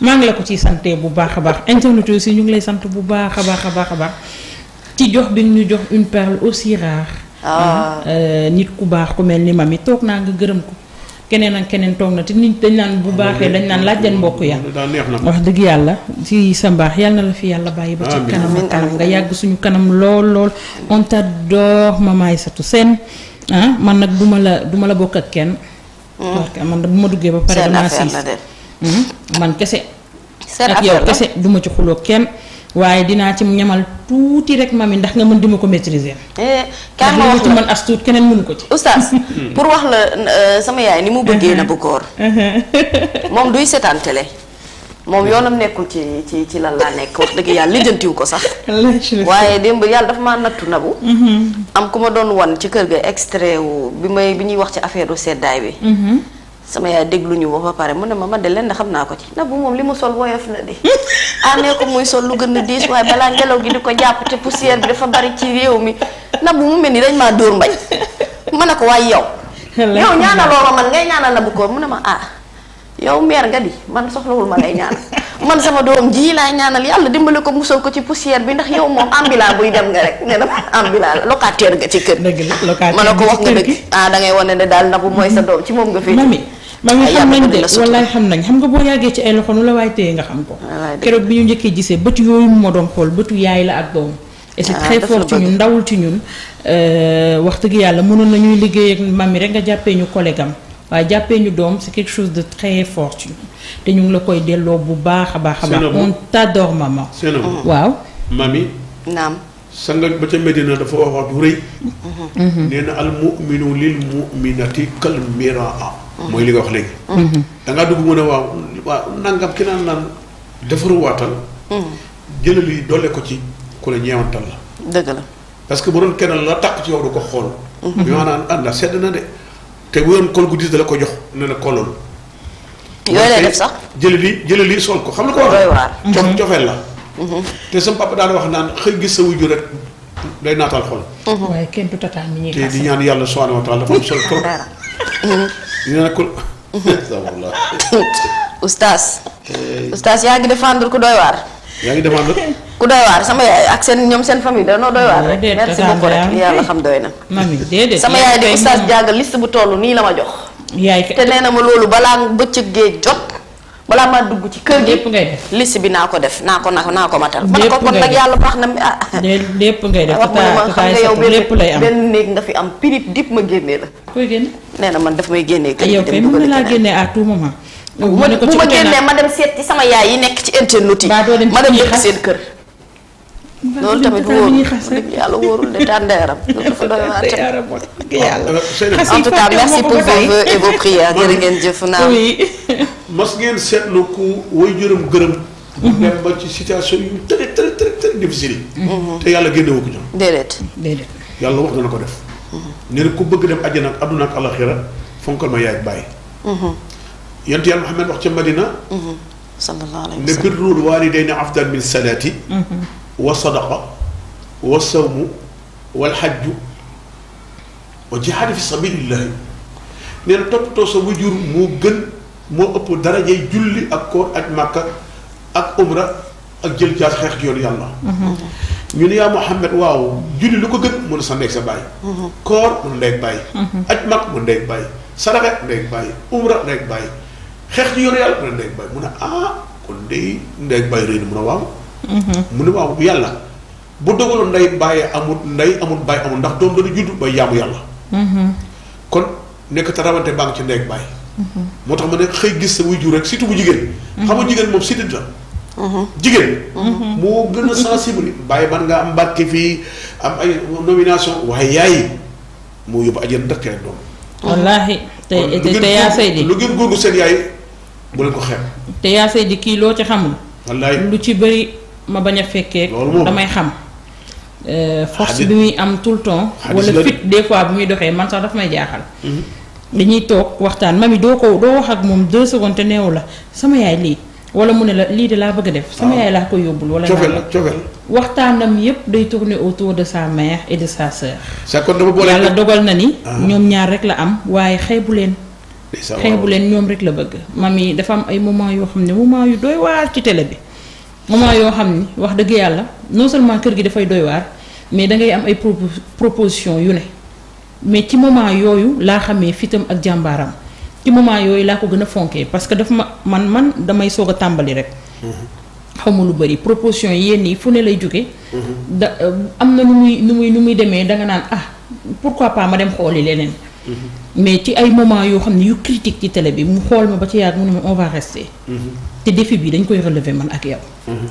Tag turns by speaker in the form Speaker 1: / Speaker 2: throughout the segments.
Speaker 1: maa ngi la ko ci sante bu baax a baax internet aussi ñu ngi lay sant bu baax a baax a baax ci jox bi ñu jox une perle aussi rare. Ah. Ah, euh, nit ku baax ku mel ni mami toog naa nga gërëm ko. keneen ak keneen toog na te nit dañ naan bu baaxee dañ naan laaj mbokk ya wax dëgg yàlla ci sa mbaax yàlla na yàlla bàyyi ba ci kanam nga yàgg suñu kanam lool lool on t'adore maman Aïssatou ah man nag duma la duma la bokk ak kenn hmm. man nag bu ma duggee ba pare damaa siis Mhm. man kese.
Speaker 2: ak yow kese
Speaker 1: du ci xuloo kenn. waaye dinaa ci ñamal tuuti
Speaker 2: rek mami ndax nga mën di ma ko maîtriser. Eh, kaay ma wax la keneen mënu ko ci. oustaz pour wax la euh, sama yaay ni mu bëggee uh-huh. na bu uh-huh. moom duy seetaan télé. moom yoonam nekkul ci ci ci lan laa nekk dëgg yàlla lijjantiw ko sax. waaye démb yàlla dafa maa nattu nabu. Uh-huh. am ku ma doon wan ci kër ga extrait wu bi may bi ñuy wax ci affaire u seddaay bi. sama yaay dégluñu ma ba pare mu ne ma man de lenn xam naa ko ci na bu moom li mu sol woyof na de amee ah, lu gën a diis waaye balaa ngelaw ko jàpp te poussière bi dafa bari ci réew mi na bu mu mel ni dañ maa dóor mbañ ma ne ko waaye yow. yow ñaanaloo ma man ngay ñaanal bu ko mu ne ma ah yow meer nga di man soxlawul ma lay ñaanal man sama doom ji laay ñaanal yàlla dimbale ko musal ko ci poussière bi ndax yow moom ambila buy dem nga rek nee na ambila locataire nga ci kër. dëgg la locataire nga ci ne ah, wane ne daal na bu mooy sa doom ci moom nga fee. maa ngi xam nañ de
Speaker 1: wallaay xam nañ xam nga boo yàggee ci ay loxo nu la waaye téye nga xam ko keroog bi ñu njëkkee gisee bëtu yooyu mu ma doon xool bëtu yaay la ak doom et c'est ah, très fort ci ñun ndawul ci ñun euh, wax dëgg yàlla mënoon nañuy liggéey ak mami rek nga jàppee ñu collègue am waaye jàppee ñu doom c'est quelque chose de très fort ci ñun te ñu ngi la koy delloo bu baax a baax a baax on t'adore maman
Speaker 3: waaw mami naam sanga ba ca Medina dafa wax wax du rëy mhm. Mhm. nee na al muminu lil muminati kal miraa mooy li nga wax léegi. da ngaa dugg mu ne waaw waaw nangam ki naan naan defaruwaatal. jëlal yi doole ko ci ku la ñeewantal la. dëgg la parce que bu doon kenn la tàq ci yow du ko xool. Mhm. bi maanaam la ko jox ne la kolol. yooyu lay def sax jëlal yi jëlal yi sol ko xam nga ko war mhm. cofeel la. Mhm. te sama papa wax naan xëy gis sa wujju rek day naataal xol.
Speaker 1: waaye kenn du tataan mi ñuy
Speaker 3: yàlla subhanahu wa taala dafa am solo trop. dina ko.
Speaker 2: oustaz. Eh. oustaz yaa ngi défendre ku doy waar.
Speaker 3: yaa
Speaker 2: sama yaay ak seen ñoom seen famille danoo doy waar rek. merci beaucoup rek yàlla xam doy na.
Speaker 1: mami déedéet sama yaay di oustaz
Speaker 2: jàngal liste bu toll nii la ma jox. te nee ma loolu balaa bëccëg gee jot. balaa ma dugg ci kër gi lépp ngay def liste bi naa ko def naa ko naa ko matal. lépp ngay ko kon nag yàlla baax na. Ah. lépp ngay def lépp lay am benn néeg nga fi am ma génnee la. koy génne nee na man daf may génnee. kër gi dem dugal laa génnee à tout moment. bu ma génnee ma dem seet nekk ci internet yi. seen kër. loolu tamit wóorul yàlla wóorul de tàndeeram dafa doy waar
Speaker 3: tamit. en tout merci pour vos vœux et ngeen jëf naa. mas ngeen seetlu ku way juróom gërëm. Mhm. dem ba ci situation yu très très très très difficile yi. Mhm. Mhm. te yàlla génnewu ko ñoom.
Speaker 2: déedéet déedéet.
Speaker 3: yàlla wax dana ko def. nee na ku bëgg dem àjjana ak àdduna ak alaxira fonkal ma yaay ak bàyyi. yonent yàlla Muhammad wax ca Madina. sallallahu alayhi wa sallam ne birrul waalidayni afdal min salaati. wa sadaqa wa sawmu wal hajju wa jihaadu fi sabilillahi nee na toppatoo sa wajur moo gën. moo ëpp darajay julli ak koor ak màkka ak umra ak jël jaas xeex yoonu yàlla mhm. ñu ne yaa Muhammad waaw julli lu ko gën mun a sa ndey sa bàyyi mhm. koor mun ndey bàyyi mhm. aj mag mun ndey bàyyi saraxe ndey bàyyi umra ndey bàyyi xeex ci yoonu yàlla mun a ndey bàyyi mun a ah kon ndey ndey bàyyi réy na mun a waaw mu ne waaw yàlla bu dogaloon ndey bàyyi amul ndey amul bàyyi amul ndax doom dana judd bay yaamu yàlla kon nekk te rawante baa ci ndey bàyyi moo tax ma ne xëy gis sa wuy jur rek surtout bu jigéen. xam nga jigéen moom sidit la. jigéen. moo gën a sensible bàyyi man nga am barke fii am ay nomination waaye yaay moo yóbbu ajeen ndëkk rek doom
Speaker 1: wallaahi te te yaa Seydi lu gën góorgu seen ko xeeb. te yaa Seydi kii loo ci xamul. wallaahi lu ci bëri ma bañ a fekkee. damay xam. Eh, force bi muy am tout le temps. wala fit des fois bi muy doxee man sax daf may jaaxal. Mhm. dañuy toog waxtaan mami doo ko doo wax ak moom deux secondes te neewu la sama yaay lii wala mu ne la lii de laa bëgg a def. sama ah. yaay laa ko yóbbul. wala laa waxtaanam yépp day tourner autour de sa mère et de sa sœur. sa kon dafa boole yàlla dogal na ni. Ah. ñoom ñaar rek la am waaye xeebu leen.
Speaker 3: xeebu leen
Speaker 1: ñoom rek la bëgg. mami dafa am ay moment yoo xam ne moment yu doy waar ci tele bi moment yoo xam ni wax dëgg yàlla non seulement kër gi dafay doy waar mais da ngay am ay proposition yu ne. mais ci moment yooyu laa xamee fitam ak jàmbaaram ci moment yooyu laa ko gën a fonkee parce que dafa ma man man damay soog a tàmbali rek. Mm-hmm. xaw ma lu bëri proposition yenn yi fu ne lay jóge mm-hmm. da euh, am na nu muy nu muy nu muy demee danga naan ah pourquoi pas ma dem xooli leneen. Mm-hmm. mais ci ay moment yoo xam ne yu critique ci télé bi mu xool ma ba ci yàgg mu ne ma on va rester. te défi bi dañ koy relever man ak yow.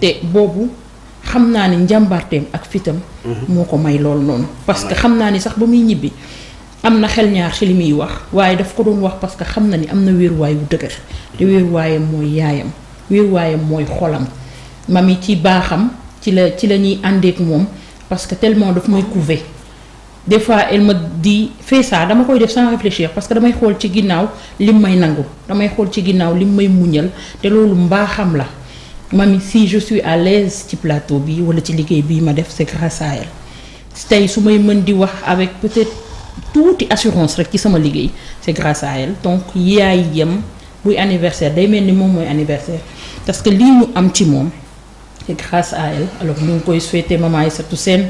Speaker 1: te boobu. xam naa ni njàmbaarteem ak fitam mhm. moo ko may lool noonu parce que xam naa ni sax ba muy ñibbi am na xel ñaar ci li muy wax waaye daf ko doon wax parce que xam na ni am na wéeruwaay wu dëgër te wéeruwaayam mooy yaayam wéeruwaayam mooy xolam mami ci baaxam ci la ci la ñuy àndeek moom parce que tellement daf mooy couver des fois elle me dit fais dama koy def san réfléchir parce que damay xool ci ginnaaw lim may nangu damay xool ci ginnaaw lim may muñal te loolu mbaaxam la mami si je suis à l'aise ci plateau bi wala ci liggéey bi ma def c'est grâce à elle tey su may mën di wax avec peut-être tuuti assurance rek ci sama liggéey c'est grâce à elle donc yaay yem buy anniversaire day mel ni moom mooy anniversaire parce que lii ñu am ci moom c'est grâce à elle alors ñu ngi koy souhaiter maman Aïssatou Sène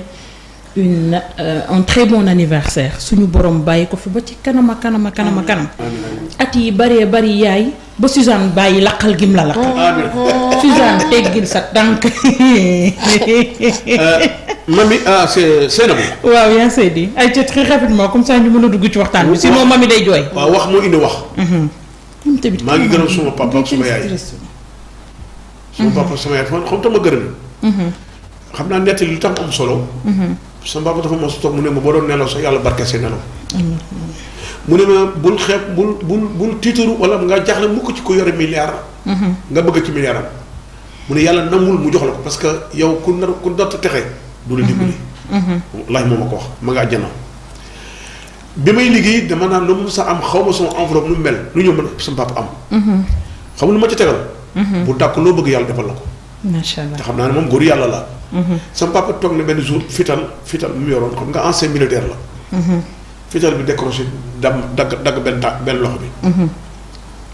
Speaker 1: une euh, un très bon anniversaire suñu borom bàyyi ko fi ba ci kanam a kanama a kanam kanam at yi bëree bëri yaay ba Suzanne bàyyi laqal gim la laqal. Ah, ah, ah. Suzanne teggil sa tànk. Euh,
Speaker 3: mami ah c'est Seynabou.
Speaker 1: waaw yaa Seydi ay ca très rapidement comme ça ñu mën a dugg ci waxtaan bi sinon
Speaker 3: mami day jooy. waaw wax moo indi wax. Mhm. maa ngi gërëm suma papa ak suma yaay. suma mhm. papa sama yaay fan xam nga ma gërëm. Mhm. xam naa nettali lu tax am solo. sama papa dafa mos toog mu ne ma boo doon nelaw sax yàlla barke seen nelaw. mu ne ma bul xeeb bul bul bul tiitaru wala nga jaaxle mukk ci ko yore milliard. Mhm. nga bëgg ci milliard am. mu ne yàlla namul mu jox la ko parce que yow ku nar ku dott texe. du la dimbali. Mhm. Mhm. wallaahi moom ma ko wax ma ngaa jënd. bi may liggéey dama naan lu sa am xaw ma sama enveloppe lu mel lu ñëw mën sama papa am. xam nga lu ma ci tegal. bu dàkk loo bëgg yàlla defal la ko.
Speaker 1: macha allah te xam naa ne moom góor yàlla
Speaker 3: la. sama papa toog na benn jour fital fital mu yoroon fital bi décroché dam dagg dagg benn ta benn loxo bi. Mhm.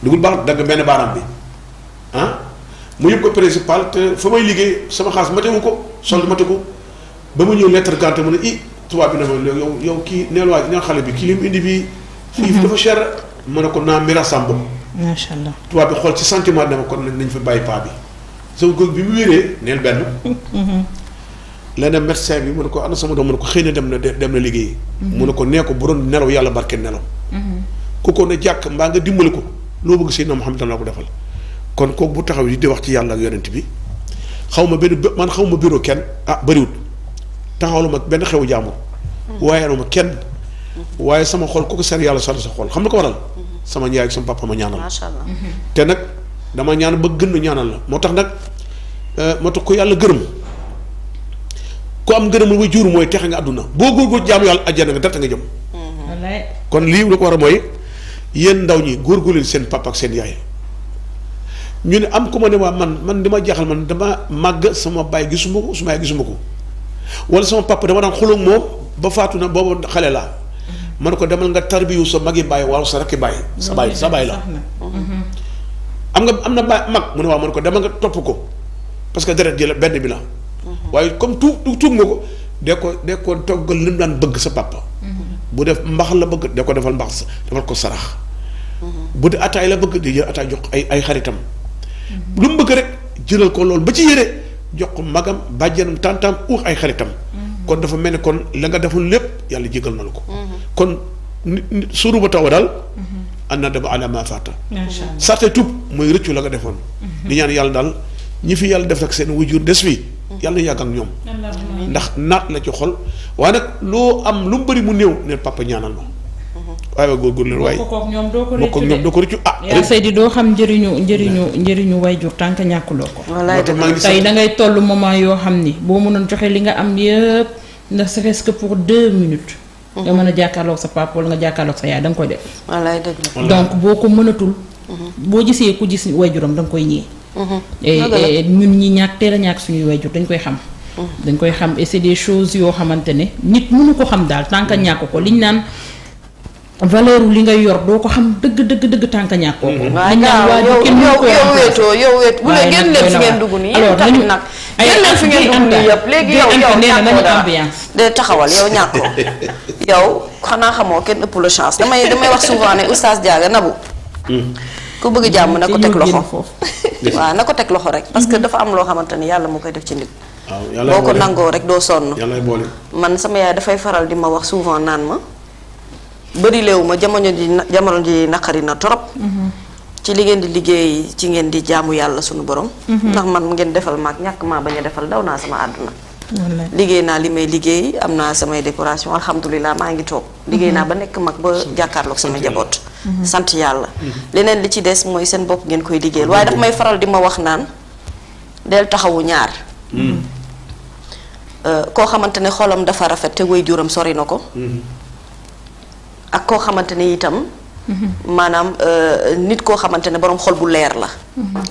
Speaker 3: dugul benn baaraam bi ah mu yóbbu ko principal te fa may liggéey sama xaalis matewu ko solde mhm. mate ko ba mu ñëw lettre gante mu ne i tubaab bi na ma yow yow kii neel waa neel xale bi kii li indi bi fii fi mhm. dafa cher ma ne ko naa mirasam bopp. macha tubaab bi xool ci sentiment dama kon nañ fa bàyyi paa bi. soo ko bi mu wéree neel benn. leneen médecin bi mu ne ko ana sama doom mu ne ko xëy na dem na dem na liggéey. Mm-hmm. mu ne ko nee ko bu doon nelaw yàlla barke nelaw. Mm-hmm. ku ko ne jàkk mbaa nga dimbali ko loo bëgg Seydina Muhammad dana ko defal. kon kooku bu taxaw di wax ci yàlla ak xaw ma benn man xaw ma bureau kenn ah bëriwul taxawlu ma benn xew jàmbur. Mm-hmm. waaye ma kenn. waaye sama xol ku ko yàlla sori sa xam na ko waral. sama njaay ak sama papa ma ñaanal. te nag dama ñaan ba gën na ñaanal la moo tax nag eh, moo tax ko yàlla gërëm. ku am ngërëmul way jur mooy texe nga àdduna boo góorgóorlu jaamu yàlla ajjana nga dara nga jëm. kon lii lu ko war a mooy yéen ndaw ñi góorgóorlu seen papa ak seen ñu ne am ku ma ne waa man man dama jaaxal man dama màgg sama baay gisuma ko gisuma ko sama papa dama daan xulóog moom ba faatu na booba xale laa man ko demal nga tarbiyu sa magi baay waaw sa rakki baay sa la am nga am na baay mag mu ne waaw man ko demal nga topp ko parce que deret ji la benn bi la waaye comme tuub tuub nga ko de ko dee ko toggal li mu daan bëgg sa papa. bu def mbax la bëgg de ko defal mbax defal ko sarax. bu dee ataay la bëgg di jël ataay jox ay ay xaritam. lu mu bëgg rek jëlal ko loolu ba ci yére jox ko magam bàjjanam tàntaam uux ay xaritam. kon dafa mel ni kon la nga deful lépp yàlla jégal na la ko. kon ni suuru ba taw daal. ànd na dama ala maa fàtta. sarte tuub mooy rëccu la nga defoon. di ñaan yàlla daal ñi fi yàlla def rek seen wujur des fi. yàlla yàgg ak ñoom. ndax naat la ci xol waaye nag loo am lu mu bëri mu néew neen papa ñaanal ma. waaye waaye góorgóorlu leen waaye ñoom doo ko rëccu ñoom doo ko rëccu ah. yaa
Speaker 1: doo xam njëriñu njëriñu njëriñu wayjur tànk ñàkkuloo ko. wallaay dëgg tey da ngay toll moment yoo xam ni boo mënoon joxe li nga am yëpp na serait que pour deux minutes. Mm-hmm. nga mën a sa papa wala nga jàkkaarloog sa yaay da nga koy def.
Speaker 2: wallaay dëgg
Speaker 1: donc boo ko mënatul. Mm-hmm. boo gisee ku gis waajuram da nga koy ñëwee.
Speaker 2: et
Speaker 1: ñun ñi ñàkk teel a ñàkk suñuy wayjur dañ koy xam dañ koy xam et c'est des choses yoo xamante ne nit mënu ko xam daal tant que mm. ñàkk ko liñ naan valeur li ngay yor doo ko xam dëgg dëgg dëgg tànk ñàkkoo ko. Mm-hmm. waaye gaaw yow yow yow weetoo yow weetoo bu ne génn leen fi ngeen dugg nii.
Speaker 2: alors léegi yow yow ñàkkoo dara taxawal yow ñàkkoo yow xanaa xamoo kenn ëpp la chance damay damay wax souvent ne oustaz Diaga nabu. Mm. ku bëgg jàmm na ko teg loxo. waaw na ko teg loxo rek parce que mhm. dafa am loo xamante ni yàlla moo koy def ci nit
Speaker 3: boo ko nangoo
Speaker 2: rek doo sonn man sama yaay dafay faral di ma wax souvent naan ma bëri léew ma jamono ji jamono ji naqari na trop mhm. ci li ngeen di liggéey ci ngeen di jaamu yàlla suñu borom mhm. ndax man ngeen defal maag ñàkk maa bañ a defal daw naa sama àdduna liggéey naa li may liggéey am naa samay décoration alhamdulilah maa ngi toog liggéey naa ba nekk mag ba jàkkaarloog sama njaboot Mm-hmm. sant yàlla mm-hmm. leneen li ci des mooy seen bopp ngeen koy liggéeyal waaye daf may faral di ma wax naan del taxawu ñaar mm-hmm. euh, koo xamante ne xolam dafa rafet te way juram sori na ko ak koo xamante ne itam maanaam euh, nit koo xamante ne borom xol bu leer la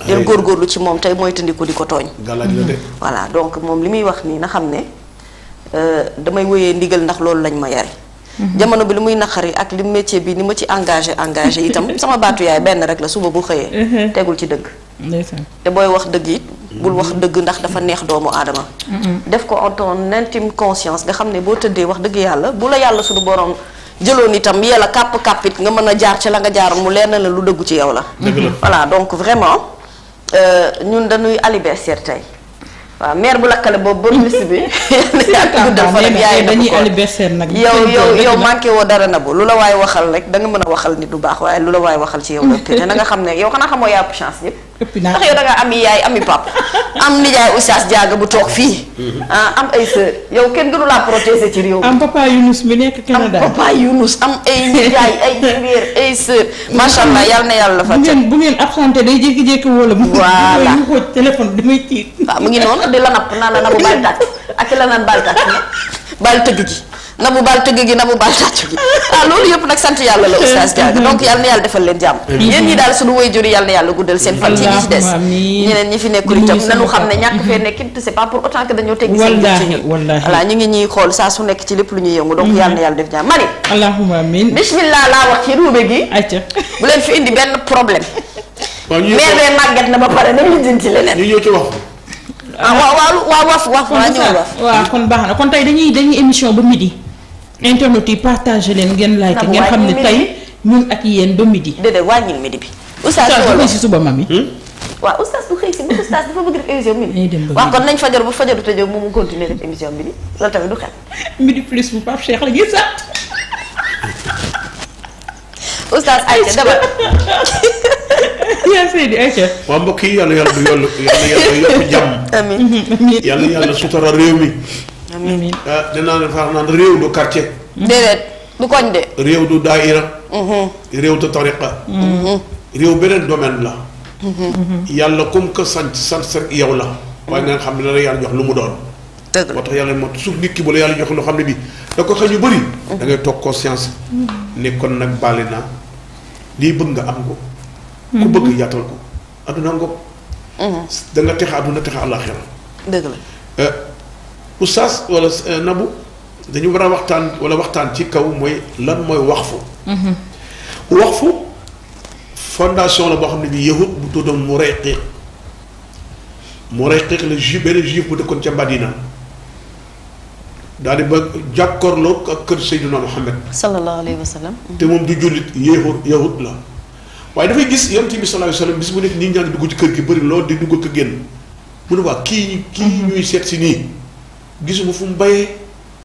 Speaker 2: góor góorgóorlu ci moom tey mooy tëndiku di ko tooñ voilà donc moom li muy wax nii na xam ne euh, damay wéyee ndigal ndax loolu lañ ma yare Mhm. jamono bi lu muy naqari ak li métier bi ni ma ci engagé engagé itam sama baatu yaay benn rek la suba bu xëyee. Mhm. tegul ci dëgg. te booy wax dëgg it. bul wax mhm. dëgg ndax dafa neex doomu aadama. def ko en ton intime conscience nga xam ne boo tëddee wax dëgg yàlla bu la yàlla suñu borom jëloon itam yàlla kàpp kàppit nga mën a jaar ci la nga jaar mu leer na la lu dëggu ci yow la. dëgg voilà donc vraiment euh, ñun dañuy Alibes tey. waaw maire bu lakkale boobu ba ministre bi. dañuy anniversaire nag. yow yow yow manqué woo dara na lu la waay waxal rek da nga mën a waxal nit lu baax waaye lu la waay waxal ci yow la te na nga xam ne yow xanaa xamoo yàpp chance yëpp ëpp naa ndax yow da ngaa am yaay ami pap am nijaay Oustaz Diaga bu toog fii. Ah, am ay sœur yow kenn gënu laa protéger ci réew am papa Younus bi nekk Canada am papa Younus am ay nijaay ay frère ay sœur. macha allah yal na yàlla fa. bu ngeen bu ngeen absenté day jékki-jékki wala. voilà mu xooj téléphone damay tiit. waaw ah, mu ngi noonu di la napp naan la nabu baal tàkk ak la naan baal tàkk baal tëgg ji. nabu baal tëgg gi nabu baal tàccu gi ah loolu yëpp nag sant yàlla la oustaz Diaga donc yàlla na yàlla defal leen jàmm yéen ñi daal suñu way juri yàlla na yàlla guddal seen fan yi ñi ci des ñeneen ñi fi nekkul itam nañu xam ne ñàkk fee nekk it c'est pas pour autant que dañoo teggi seen ci ñun voilà ñu ngi ñuy xool saa su nekk ci lépp lu ñuy yëngu donc mhm. yàlla na yàlla def jàmm mani allahumma bismillah laa wax ci ruube gi bu leen fi indi benn problème
Speaker 3: meer bee màgget
Speaker 1: ba na kon tey dañuy dañuy émission ba midi internet yi partagé leen ngeen like ngeen xam ne tey ñun ak
Speaker 2: yéen ba midi. déedéet wàññil midi bi. oustaz bu xëy si suba mami. Hmm? waaw oustaz bu xëy si bu oustaz dafa bëgg def émission bi nii. waaw kon nañ fajar bu fajaru tëjoo moom mu continuer def émission bi nii loolu tamit du xel. midi plus ay Pape Cheikh la ñuy sant. oustaz
Speaker 3: Aïcha dama. yaa Seydi Aïcha. waaw mbokk yi yàlla yàlla du yàlla yàlla yàlla yokk jàmm. amiin yàlla yàlla sutura réew mi. amiin ah dinaa ne faa naan réew du quartier. déedéet du koñ de. réew du daayira. Mhm. réew du tariqa. Mhm. réew beneen domaine la. Mhm. yàlla comme que sant sant sa yow la. waaye na nga xam ne dana yàlla jox lu mu doon. dëgg la moo tax yàlla moo suuf nit ki bu la yàlla jox loo xam ne bi da ko xëy yu bëri. da ngay toog conscience. ne kon nag bàlli naa li bëgg nga am ko. ku bëgg yaatal ko. adduna ngoog. da nga texe adduna texe la dëgg la. Eh, oustaz wala euh, nabu dañu war a waxtaan wala waxtaan ci kaw mooy lan mooy wax mhm. waxfu fondation la boo xam ne bi yahut bu tuddoon Murayqiq Murayqiq la ju benn juif bu dëkkoon ca Madina daal di ba jàkkoorloo ak kër Seydina Muhammad sallallahu alayhi wa te moom du jullit yahut yahut la waaye dafay gis yonent bi sallallahu alayhi wa sallam bis mu nekk ñi ñaan dugg ci kër gi bëri loolu di dugg ko génn mu ne waa kii kii mhm. ñuy seet si nii gisuma fu mu bayee